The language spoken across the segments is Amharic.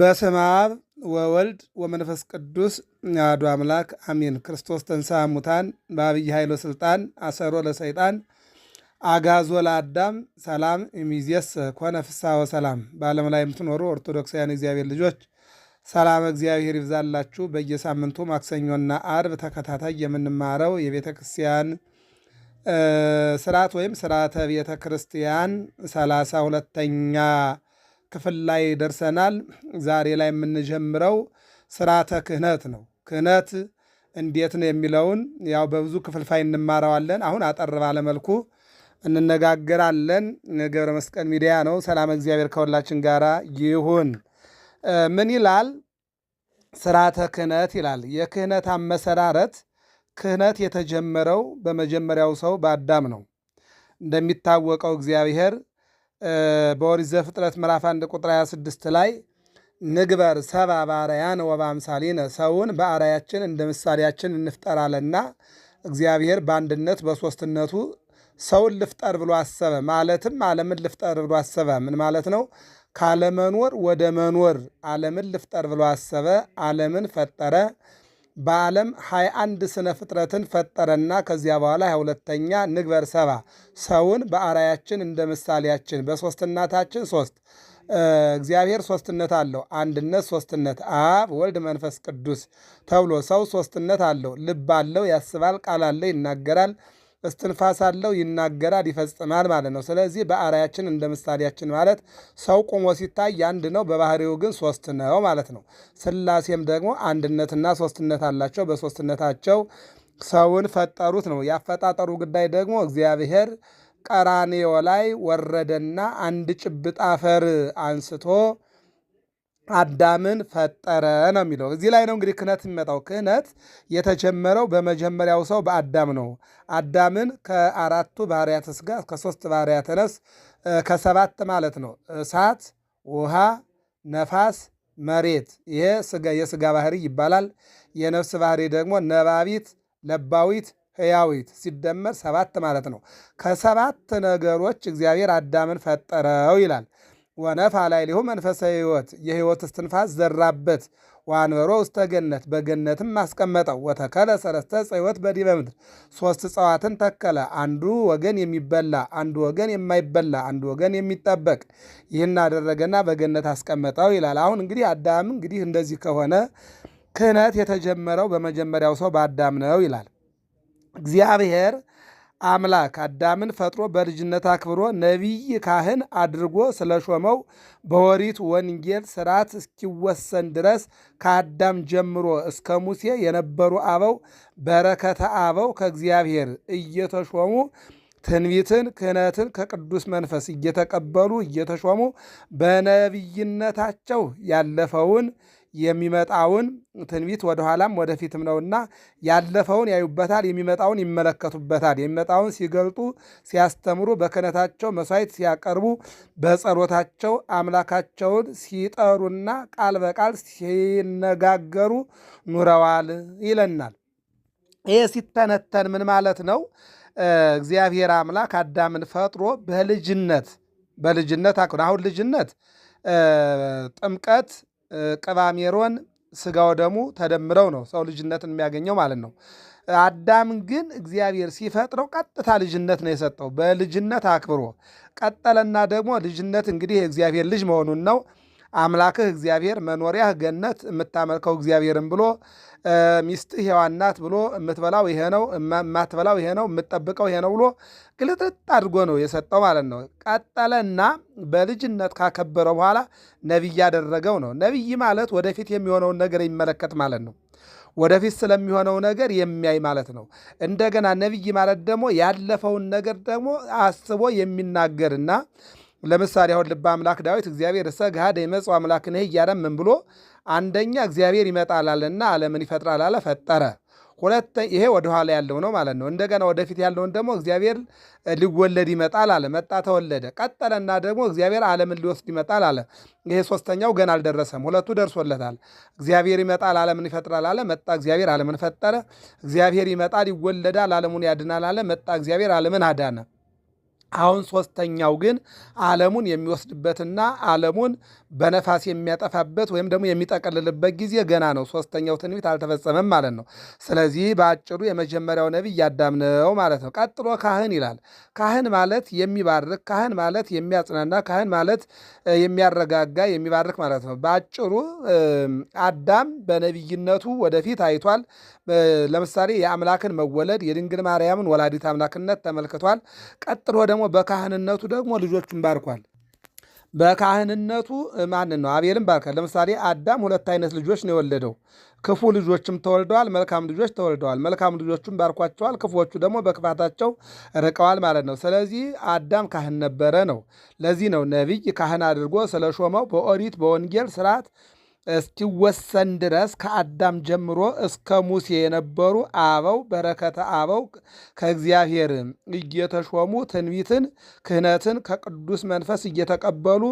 በስመ አብ ወወልድ ወመንፈስ ቅዱስ አሐዱ አምላክ አሚን ክርስቶስ ተንሥአ እሙታን በአብይ ኃይሎ ስልጣን አሰሮ ለሰይጣን አጋዞ ለአዳም ሰላም እምይእዜሰ ኮነ ፍስሐ ወሰላም። በዓለም ላይ የምትኖሩ ኦርቶዶክሳውያን እግዚአብሔር ልጆች ሰላም እግዚአብሔር ይብዛላችሁ። በየሳምንቱ ማክሰኞና አርብ ተከታታይ የምንማረው የቤተ ክርስቲያን ስርዓት ወይም ስርዓተ ቤተ ክርስቲያን ሰላሳ ሁለተኛ ክፍል ላይ ደርሰናል። ዛሬ ላይ የምንጀምረው ስርዓተ ክህነት ነው። ክህነት እንዴት ነው የሚለውን ያው በብዙ ክፍልፋይ እንማረዋለን። አሁን አጠር ባለመልኩ እንነጋገራለን። ገብረ መስቀል ሚዲያ ነው። ሰላም እግዚአብሔር ከሁላችን ጋር ይሁን። ምን ይላል? ስርዓተ ክህነት ይላል። የክህነት አመሰራረት ክህነት የተጀመረው በመጀመሪያው ሰው በአዳም ነው። እንደሚታወቀው እግዚአብሔር በኦሪት ዘፍጥረት ምዕራፍ 1 ቁጥር 26 ላይ ንግበር ሰብአ በአርአያነ ወበአምሳሊነ ሰውን በአርአያችን እንደ ምሳሌያችን እንፍጠራለና እግዚአብሔር በአንድነት በሶስትነቱ ሰውን ልፍጠር ብሎ አሰበ። ማለትም ዓለምን ልፍጠር ብሎ አሰበ። ምን ማለት ነው? ካለመኖር ወደ መኖር ዓለምን ልፍጠር ብሎ አሰበ። ዓለምን ፈጠረ። በዓለም 21 ስነ ፍጥረትን ፈጠረና ከዚያ በኋላ 22ተኛ ንግበር ሰባ ሰውን በአራያችን እንደ ምሳሌያችን በሶስትናታችን ሶስት እግዚአብሔር ሶስትነት አለው። አንድነት ሶስትነት አብ ወልድ መንፈስ ቅዱስ ተብሎ ሰው ሶስትነት አለው። ልብ አለው፣ ያስባል፣ ቃል አለው፣ ይናገራል እስትንፋስ አለው፣ ይናገራል፣ ይፈጽማል ማለት ነው። ስለዚህ በአርአያችን እንደ ምሳሌያችን ማለት ሰው ቆሞ ሲታይ አንድ ነው፣ በባህሪው ግን ሶስት ነው ማለት ነው። ስላሴም ደግሞ አንድነትና ሶስትነት አላቸው። በሶስትነታቸው ሰውን ፈጠሩት ነው። ያፈጣጠሩ ጉዳይ ደግሞ እግዚአብሔር ቀራንዮ ላይ ወረደና አንድ ጭብጥ አፈር አንስቶ አዳምን ፈጠረ ነው የሚለው። እዚህ ላይ ነው እንግዲህ ክህነት የሚመጣው። ክህነት የተጀመረው በመጀመሪያው ሰው በአዳም ነው። አዳምን ከአራቱ ባህርያተ ስጋ እስከ ሶስት ባህርያተ ነፍስ ከሰባት ማለት ነው እሳት፣ ውሃ፣ ነፋስ፣ መሬት። ይሄ የስጋ ባህሪ ይባላል። የነፍስ ባህሪ ደግሞ ነባቢት፣ ለባዊት ህያዊት ሲደመር ሰባት ማለት ነው። ከሰባት ነገሮች እግዚአብሔር አዳምን ፈጠረው ይላል። ወነፋ ላይ ሊሁ መንፈሳዊ ሕይወት የሕይወት እስትንፋስ ዘራበት። ዋንበሮ ውስተ ገነት በገነትም አስቀመጠው። ወተከለ ሰለስተ ጽወት በዲበ ምድር ሶስት እጽዋትን ተከለ። አንዱ ወገን የሚበላ አንዱ ወገን የማይበላ አንዱ ወገን የሚጠበቅ ይህን አደረገና በገነት አስቀመጠው ይላል። አሁን እንግዲህ አዳም እንግዲህ እንደዚህ ከሆነ ክህነት የተጀመረው በመጀመሪያው ሰው በአዳም ነው ይላል እግዚአብሔር አምላክ አዳምን ፈጥሮ በልጅነት አክብሮ ነቢይ ካህን አድርጎ ስለሾመው በወሪት ወንጌል ስርዓት እስኪወሰን ድረስ ከአዳም ጀምሮ እስከ ሙሴ የነበሩ አበው በረከተ አበው ከእግዚአብሔር እየተሾሙ ትንቢትን፣ ክህነትን ከቅዱስ መንፈስ እየተቀበሉ እየተሾሙ በነቢይነታቸው ያለፈውን የሚመጣውን ትንቢት ወደኋላም ወደፊትም ነውና ያለፈውን ያዩበታል፣ የሚመጣውን ይመለከቱበታል። የሚመጣውን ሲገልጡ ሲያስተምሩ፣ በክህነታቸው መሥዋዕት ሲያቀርቡ፣ በጸሎታቸው አምላካቸውን ሲጠሩና ቃል በቃል ሲነጋገሩ ኑረዋል ይለናል። ይህ ሲተነተን ምን ማለት ነው? እግዚአብሔር አምላክ አዳምን ፈጥሮ በልጅነት በልጅነት አሁን ልጅነት ጥምቀት ቅባሜሮን ስጋው ደሙ ተደምረው ነው ሰው ልጅነትን የሚያገኘው ማለት ነው። አዳም ግን እግዚአብሔር ሲፈጥረው ቀጥታ ልጅነት ነው የሰጠው። በልጅነት አክብሮ ቀጠለና ደግሞ ልጅነት እንግዲህ የእግዚአብሔር ልጅ መሆኑን ነው አምላክህ እግዚአብሔር መኖሪያህ ገነት የምታመልከው እግዚአብሔርን ብሎ ሚስትህ ሔዋን ናት ብሎ የምትበላው ይሄ ነው፣ የማትበላው ይሄ ነው፣ የምትጠብቀው ይሄ ነው ብሎ ግልጥጥ አድርጎ ነው የሰጠው ማለት ነው። ቀጠለና በልጅነት ካከበረ በኋላ ነቢይ ያደረገው ነው። ነቢይ ማለት ወደፊት የሚሆነውን ነገር ይመለከት ማለት ነው። ወደፊት ስለሚሆነው ነገር የሚያይ ማለት ነው። እንደገና ነቢይ ማለት ደግሞ ያለፈውን ነገር ደግሞ አስቦ የሚናገርና ለምሳሌ አሁን ልበ አምላክ ዳዊት እግዚአብሔር እሰ ገሃደ አምላክ ነህ እያለ ምን ብሎ አንደኛ እግዚአብሔር ይመጣላልና ዓለምን ይፈጥራል አለ፣ ፈጠረ። ሁለተ ይሄ ወደኋላ ያለው ነው ማለት ነው። እንደገና ወደፊት ያለውን ደግሞ እግዚአብሔር ሊወለድ ይመጣል አለ፣ መጣ፣ ተወለደ። ቀጠለና ደግሞ እግዚአብሔር ዓለምን ሊወስድ ይመጣል አለ። ይሄ ሶስተኛው ገና አልደረሰም፣ ሁለቱ ደርሶለታል። እግዚአብሔር ይመጣል ዓለምን ይፈጥራል አለ፣ መጣ፣ እግዚአብሔር ዓለምን ፈጠረ። እግዚአብሔር ይመጣል ይወለዳል፣ ዓለሙን ያድናል አለ፣ መጣ፣ እግዚአብሔር ዓለምን አዳነ። አሁን ሶስተኛው ግን ዓለሙን የሚወስድበትና ዓለሙን በነፋስ የሚያጠፋበት ወይም ደግሞ የሚጠቀልልበት ጊዜ ገና ነው። ሶስተኛው ትንቢት አልተፈጸመም ማለት ነው። ስለዚህ በአጭሩ የመጀመሪያው ነቢይ አዳም ነው ማለት ነው። ቀጥሎ ካህን ይላል። ካህን ማለት የሚባርክ፣ ካህን ማለት የሚያጽናና፣ ካህን ማለት የሚያረጋጋ፣ የሚባርክ ማለት ነው። በአጭሩ አዳም በነቢይነቱ ወደፊት አይቷል። ለምሳሌ የአምላክን መወለድ፣ የድንግል ማርያምን ወላዲት አምላክነት ተመልክቷል። ቀጥሎ ደግሞ በካህንነቱ ደግሞ ልጆቹን ባርኳል። በካህንነቱ ማንን ነው? አቤልን ባርካል። ለምሳሌ አዳም ሁለት አይነት ልጆች ነው የወለደው። ክፉ ልጆችም ተወልደዋል፣ መልካም ልጆች ተወልደዋል። መልካም ልጆቹም ባርኳቸዋል፣ ክፉዎቹ ደግሞ በክፋታቸው ርቀዋል ማለት ነው። ስለዚህ አዳም ካህን ነበረ ነው። ለዚህ ነው ነቢይ ካህን አድርጎ ስለሾመው በኦሪት በወንጌል ስርዓት እስኪወሰን ድረስ ከአዳም ጀምሮ እስከ ሙሴ የነበሩ አበው በረከተ አበው ከእግዚአብሔር እየተሾሙ ትንቢትን፣ ክህነትን ከቅዱስ መንፈስ እየተቀበሉ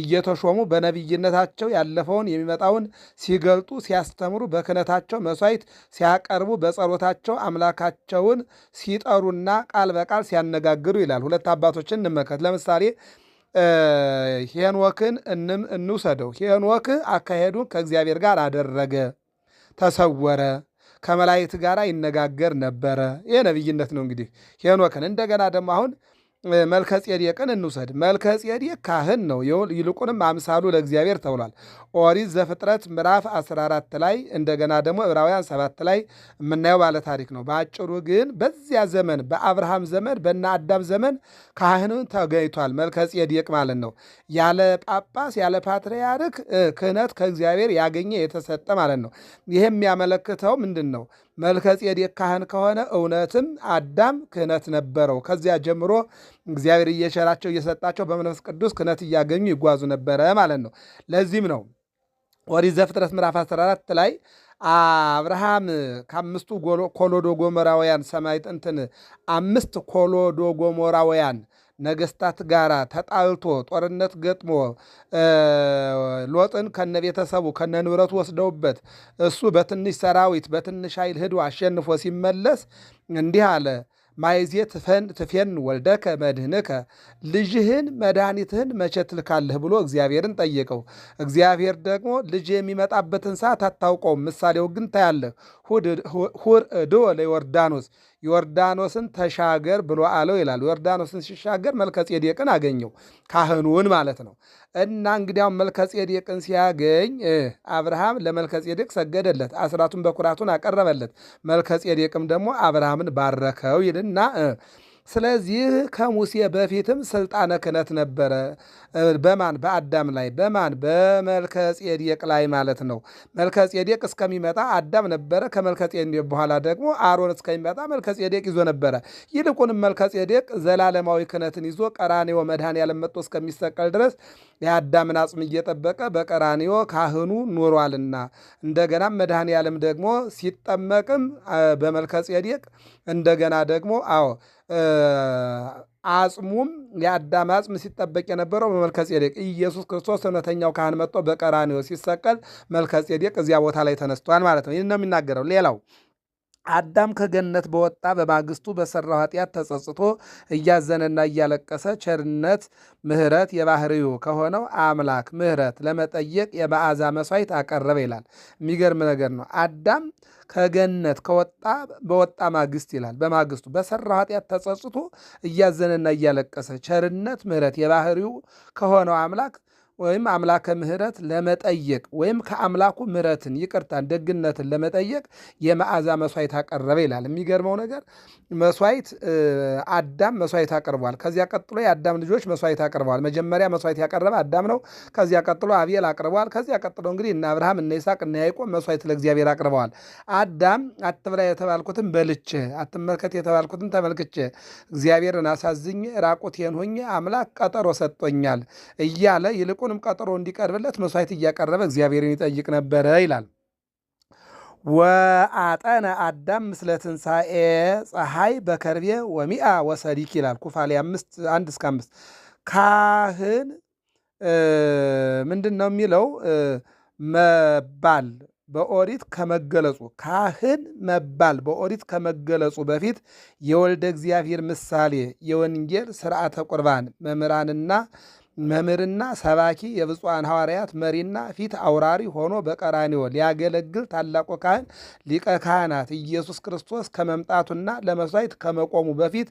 እየተሾሙ በነቢይነታቸው ያለፈውን የሚመጣውን ሲገልጡ ሲያስተምሩ፣ በክህነታቸው መስዋይት ሲያቀርቡ፣ በጸሎታቸው አምላካቸውን ሲጠሩና ቃል በቃል ሲያነጋግሩ ይላል። ሁለት አባቶችን እንመልከት። ለምሳሌ ሄኖክን እንም እንውሰደው። ሄኖክ አካሄዱን ከእግዚአብሔር ጋር አደረገ፣ ተሰወረ፣ ከመላእክት ጋር ይነጋገር ነበረ። ይህ ነብይነት ነው። እንግዲህ ሄኖክን እንደገና ደግሞ አሁን መልከ ጼዴቅን እንውሰድ። መልከ ጼዴቅ ካህን ነው፣ ይልቁንም አምሳሉ ለእግዚአብሔር ተብሏል። ኦሪት ዘፍጥረት ምዕራፍ 14 ላይ እንደገና ደግሞ ዕብራውያን 7 ላይ የምናየው ባለ ታሪክ ነው። በአጭሩ ግን በዚያ ዘመን በአብርሃም ዘመን በእነ አዳም ዘመን ካህንን ተገኝቷል፣ መልከ ጼዴቅ ማለት ነው። ያለ ጳጳስ ያለ ፓትርያርክ ክህነት ከእግዚአብሔር ያገኘ የተሰጠ ማለት ነው። ይህ የሚያመለክተው ምንድን ነው? መልከ ጼዴቅ ካህን ከሆነ እውነትም አዳም ክህነት ነበረው። ከዚያ ጀምሮ እግዚአብሔር እየሸራቸው እየሰጣቸው በመንፈስ ቅዱስ ክህነት እያገኙ ይጓዙ ነበረ ማለት ነው። ለዚህም ነው ኦሪት ዘፍጥረት ምዕራፍ 14 ላይ አብርሃም ከአምስቱ ኮሎዶ ጎሞራውያን ሰማይ ጥንትን አምስት ኮሎዶ ጎሞራውያን ነገስታት ጋር ተጣልቶ ጦርነት ገጥሞ ሎጥን ከነቤተሰቡ ከነንብረቱ ወስደውበት እሱ በትንሽ ሰራዊት በትንሽ ኃይል ሂዶ አሸንፎ ሲመለስ እንዲህ አለ ማይዜ ትፌን ወልደከ መድህንከ ልጅህን መድኃኒትህን መቼ ትልካለህ ብሎ እግዚአብሔርን ጠየቀው። እግዚአብሔር ደግሞ ልጅ የሚመጣበትን ሰዓት አታውቀውም፣ ምሳሌው ግን ታያለህ ሁርዶ ለዮርዳኖስ ዮርዳኖስን ተሻገር ብሎ አለው ይላል። ዮርዳኖስን ሲሻገር መልከጼዴቅን አገኘው ካህኑን ማለት ነው። እና እንግዲያውም መልከጼዴቅን ሲያገኝ አብርሃም ለመልከጼዴቅ ሰገደለት፣ አስራቱን በኩራቱን አቀረበለት። መልከጼዴቅም ደግሞ አብርሃምን ባረከው ይልና ስለዚህ ከሙሴ በፊትም ስልጣነ ክህነት ነበረ። በማን በአዳም ላይ በማን በመልከ ጼዴቅ ላይ ማለት ነው። መልከ ጼዴቅ እስከሚመጣ አዳም ነበረ። ከመልከ ጼዴቅ በኋላ ደግሞ አሮን እስከሚመጣ መልከ ጼዴቅ ይዞ ነበረ። ይልቁንም መልከ ጼዴቅ ዘላለማዊ ክህነትን ይዞ ቀራኔዎ መድኃኔዓለም መጥቶ እስከሚሰቀል ድረስ የአዳምን አጽም እየጠበቀ በቀራኔዎ ካህኑ ኖሯልና እንደገና መድኃኔዓለም ደግሞ ሲጠመቅም በመልከ ጼዴቅ እንደገና ደግሞ አዎ አጽሙም የአዳም አጽም ሲጠበቅ የነበረው በመልከጼዴቅ ኢየሱስ ክርስቶስ እውነተኛው ካህን መጥቶ በቀራንዮ ሲሰቀል መልከጼዴቅ እዚያ ቦታ ላይ ተነስቷል ማለት ነው። ይህን ነው የሚናገረው ሌላው አዳም ከገነት በወጣ በማግስቱ በሠራው ኃጢአት ተጸጽቶ እያዘነና እያለቀሰ ቸርነት ምሕረት የባህሪው ከሆነው አምላክ ምሕረት ለመጠየቅ የመዓዛ መሥዋዕት አቀረበ ይላል። የሚገርም ነገር ነው። አዳም ከገነት ከወጣ በወጣ ማግስት ይላል። በማግስቱ በሠራው ኃጢአት ተጸጽቶ እያዘነና እያለቀሰ ቸርነት ምሕረት የባህሪው ከሆነው አምላክ ወይም አምላከ ምሕረት ለመጠየቅ ወይም ከአምላኩ ምሕረትን ይቅርታን፣ ደግነትን ለመጠየቅ የመዓዛ መስዋዕት አቀረበ ይላል። የሚገርመው ነገር መስዋይት አዳም መስዋዕት አቅርቧል። ከዚያ ቀጥሎ የአዳም ልጆች መስዋዕት አቅርበዋል። መጀመሪያ መስዋዕት ያቀረበ አዳም ነው። ከዚያ ቀጥሎ አብየል አቅርበዋል። ከዚያ ቀጥሎ እንግዲህ እነ አብርሃም እነ ይስሐቅ እነ ያዕቆብ መስዋዕት ለእግዚአብሔር አቅርበዋል። አዳም አትብላ የተባልኩትን በልቼ፣ አትመልከት የተባልኩትን ተመልክቼ፣ እግዚአብሔርን አሳዝኜ፣ ራቁቴን ሆኜ አምላክ ቀጠሮ ሰጥቶኛል እያለ ይልቁን አሁንም ቀጠሮ እንዲቀርብለት መስዋዕት እያቀረበ እግዚአብሔርን ይጠይቅ ነበረ ይላል። ወአጠነ አዳም ምስለ ትንሣኤ ፀሐይ በከርቤ ወሚአ ወሰዲክ ይላል ኩፋሌ አምስት አንድ እስከ አምስት ካህን ምንድን ነው የሚለው መባል በኦሪት ከመገለጹ ካህን መባል በኦሪት ከመገለጹ በፊት የወልደ እግዚአብሔር ምሳሌ የወንጌል ስርዓተ ቁርባን መምህራንና መምህርና ሰባኪ የብፁዓን ሐዋርያት መሪና ፊት አውራሪ ሆኖ በቀራኒዎ ሊያገለግል ታላቁ ካህን ሊቀ ካህናት ኢየሱስ ክርስቶስ ከመምጣቱና ለመሥዋዕት ከመቆሙ በፊት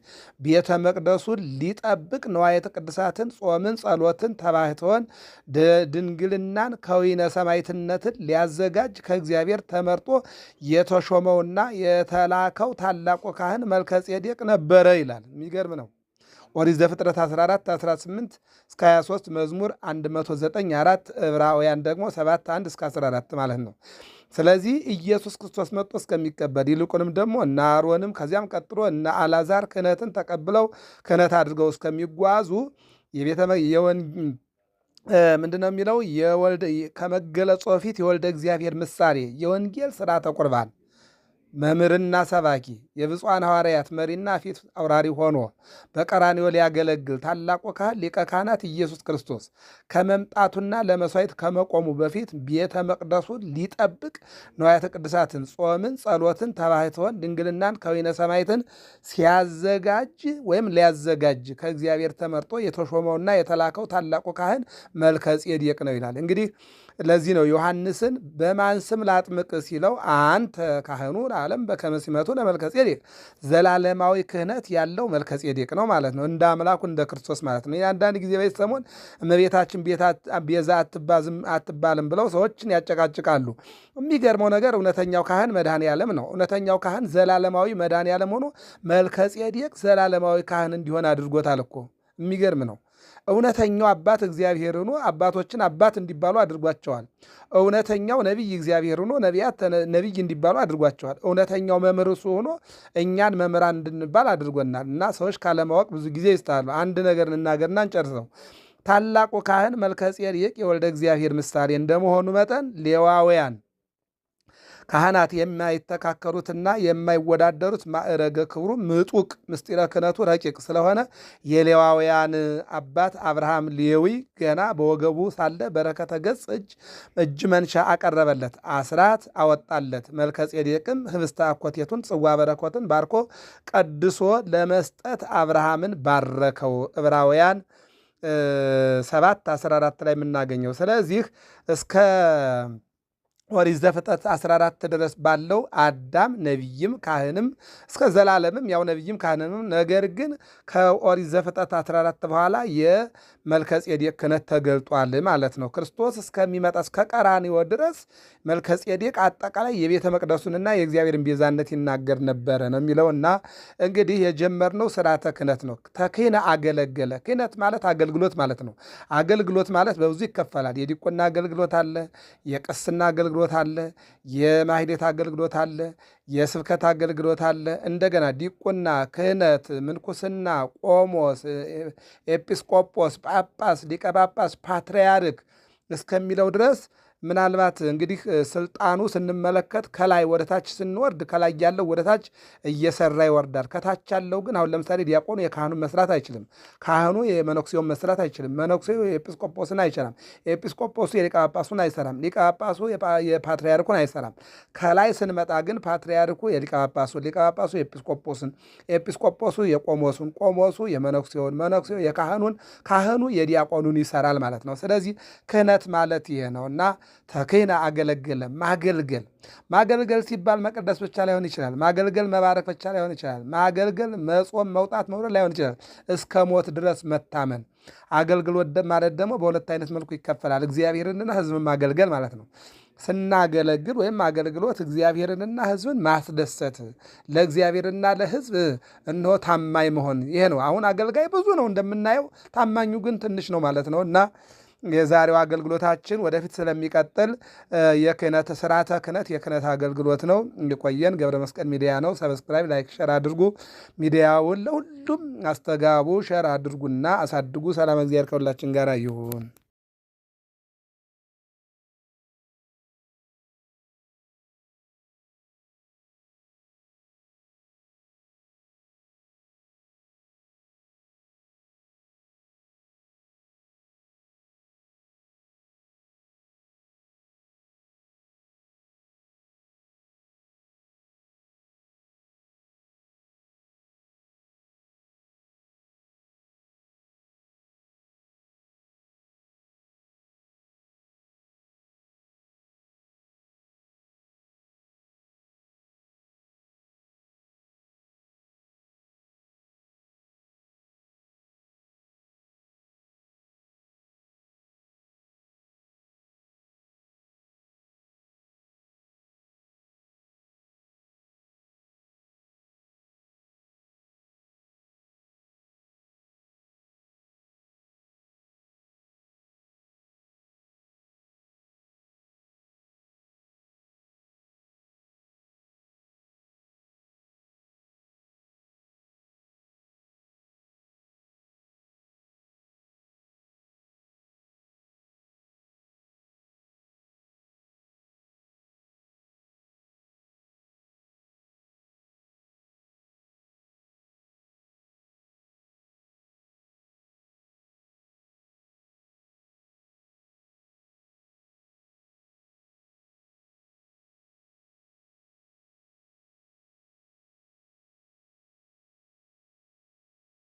ቤተ መቅደሱን ሊጠብቅ ንዋየተ ቅድሳትን፣ ጾምን፣ ጸሎትን፣ ተባሕቶን፣ ድንግልናን ከዊነ ሰማይትነትን ሊያዘጋጅ ከእግዚአብሔር ተመርጦ የተሾመውና የተላከው ታላቁ ካህን መልከ ጼዴቅ ነበረ ይላል። የሚገርም ነው። ኦሪት ዘፍጥረት 14 18 እስከ 23 መዝሙር 109 4 ዕብራውያን ደግሞ 7 1 እስከ 14 ማለት ነው። ስለዚህ ኢየሱስ ክርስቶስ መጥቶ እስከሚቀበል ይልቁንም ደግሞ እነ አሮንም ከዚያም ቀጥሎ እነ አላዛር ክህነትን ተቀብለው ክህነት አድርገው እስከሚጓዙ የቤተ ምንድነው የሚለው ከመገለጾ ፊት የወልደ እግዚአብሔር ምሳሌ የወንጌል ስርዓተ ቁርባን መምህርና ሰባኪ የብፁዓን ሐዋርያት መሪና ፊት አውራሪ ሆኖ በቀራንዮ ሊያገለግል ታላቁ ካህን ሊቀ ካህናት ኢየሱስ ክርስቶስ ከመምጣቱና ለመሥዋዕት ከመቆሙ በፊት ቤተ መቅደሱን ሊጠብቅ ንዋያተ ቅድሳትን፣ ጾምን፣ ጸሎትን፣ ተባሕቶን፣ ድንግልናን፣ ከወይነ ሰማይትን ሲያዘጋጅ ወይም ሊያዘጋጅ ከእግዚአብሔር ተመርጦ የተሾመውና የተላከው ታላቁ ካህን መልከ ጼዴቅ ነው ይላል እንግዲህ ለዚህ ነው ዮሐንስን በማን ስም ላጥምቅ ሲለው አንተ ካህኑ ለዓለም በከመ ሲመቱ ለመልከጼዴቅ ዘላለማዊ ክህነት ያለው መልከጼዴቅ ነው ማለት ነው። እንደ አምላኩ እንደ ክርስቶስ ማለት ነው። አንዳንድ ጊዜ በዚህ ሰሞን እመቤታችን ቤዛ አትባልም ብለው ሰዎችን ያጨቃጭቃሉ። የሚገርመው ነገር እውነተኛው ካህን መድኃኔ ዓለም ነው። እውነተኛው ካህን ዘላለማዊ መድኃኔ ዓለም ሆኖ መልከጼዴቅ ዘላለማዊ ካህን እንዲሆን አድርጎታል እኮ የሚገርም ነው። እውነተኛው አባት እግዚአብሔር ሆኖ አባቶችን አባት እንዲባሉ አድርጓቸዋል። እውነተኛው ነቢይ እግዚአብሔር ሆኖ ነቢያት ነቢይ እንዲባሉ አድርጓቸዋል። እውነተኛው መምህር እሱ ሆኖ እኛን መምህራን እንድንባል አድርጎናል። እና ሰዎች ካለማወቅ ብዙ ጊዜ ይስተዋሉ። አንድ ነገር እንናገርና እንጨርሰው። ታላቁ ካህን መልከ ጼዴቅ የወልደ እግዚአብሔር ምሳሌ እንደመሆኑ መጠን ሌዋውያን ካህናት የማይተካከሉትና የማይወዳደሩት ማዕረገ ክብሩ ምጡቅ ምስጢረ ክነቱ ረቂቅ ስለሆነ የሌዋውያን አባት አብርሃም ሌዊ ገና በወገቡ ሳለ በረከተ ገጽ እጅ እጅ መንሻ አቀረበለት፣ አስራት አወጣለት። መልከ ጼዴቅም ህብስተ አኮቴቱን ጽዋ በረኮትን ባርኮ ቀድሶ ለመስጠት አብርሃምን ባረከው። ዕብራውያን 7 14 ላይ የምናገኘው ስለዚህ እስከ ኦሪት ዘፍጥረት 14 ድረስ ባለው አዳም ነቢይም ካህንም እስከ ዘላለምም ያው ነቢይም ካህንም። ነገር ግን ከኦሪት ዘፍጥረት 14 በኋላ የመልከጼዴቅ ክህነት ተገልጧል ማለት ነው። ክርስቶስ እስከሚመጣ እስከ ቀራንዮ ድረስ መልከጼዴቅ አጠቃላይ የቤተ መቅደሱንና የእግዚአብሔርን ቤዛነት ይናገር ነበረ ነው የሚለው እና እንግዲህ የጀመርነው ስርዓተ ክህነት ነው። ተክህነ አገለገለ። ክህነት ማለት አገልግሎት ማለት ነው። አገልግሎት ማለት በብዙ ይከፈላል። የዲቁና አገልግሎት አለ። የቅስና አገልግሎት አገልግሎት አለ፣ የማህሌት አገልግሎት አለ፣ የስብከት አገልግሎት አለ። እንደገና ዲቁና፣ ክህነት፣ ምንኩስና፣ ቆሞስ፣ ኤጲስቆጶስ፣ ጳጳስ፣ ሊቀ ጳጳስ፣ ፓትርያርክ እስከሚለው ድረስ ምናልባት እንግዲህ ስልጣኑ ስንመለከት ከላይ ወደታች ስንወርድ ከላይ ያለው ወደታች እየሰራ ይወርዳል። ከታች ያለው ግን አሁን ለምሳሌ ዲያቆኑ የካህኑን መስራት አይችልም። ካህኑ የመነኩሴውን መስራት አይችልም። መነኩሴው የኤጲስቆጶስን አይሰራም። ኤጲስቆጶሱ የሊቀ ጳጳሱን አይሰራም። ሊቀ ጳጳሱ የፓትርያርኩን አይሰራም። ከላይ ስንመጣ ግን ፓትርያርኩ የሊቀ ጳጳሱን፣ ሊቀ ጳጳሱ የኤጲስቆጶስን፣ ኤጲስቆጶሱ የቆሞሱን፣ ቆሞሱ የመነኩሴውን፣ መነኩሴው የካህኑን፣ ካህኑ የዲያቆኑን ይሰራል ማለት ነው። ስለዚህ ክህነት ማለት ይሄ ነውና ተከይና አገለገለ። ማገልገል ማገልገል ሲባል መቅደስ ብቻ ላይሆን ይችላል። ማገልገል መባረክ ብቻ ላይሆን ይችላል። ማገልገል መጾም፣ መውጣት፣ መውረድ ላይሆን ይችላል። እስከ ሞት ድረስ መታመን። አገልግሎት ማለት ደግሞ በሁለት አይነት መልኩ ይከፈላል። እግዚአብሔርንና ሕዝብን ማገልገል ማለት ነው። ስናገለግል ወይም አገልግሎት እግዚአብሔርንና ሕዝብን ማስደሰት፣ ለእግዚአብሔርና ለሕዝብ እንሆ ታማኝ መሆን ይሄ ነው። አሁን አገልጋይ ብዙ ነው እንደምናየው፣ ታማኙ ግን ትንሽ ነው ማለት ነው እና የዛሬው አገልግሎታችን ወደፊት ስለሚቀጥል የክህነት ስርዓተ ክህነት የክህነት አገልግሎት ነው። እንዲቆየን ገብረ መስቀል ሚዲያ ነው። ሰብስክራይብ፣ ላይክ፣ ሸር አድርጉ። ሚዲያውን ለሁሉም አስተጋቡ፣ ሸር አድርጉና አሳድጉ። ሰላም እግዚአብሔር ከሁላችን ጋር ይሁን።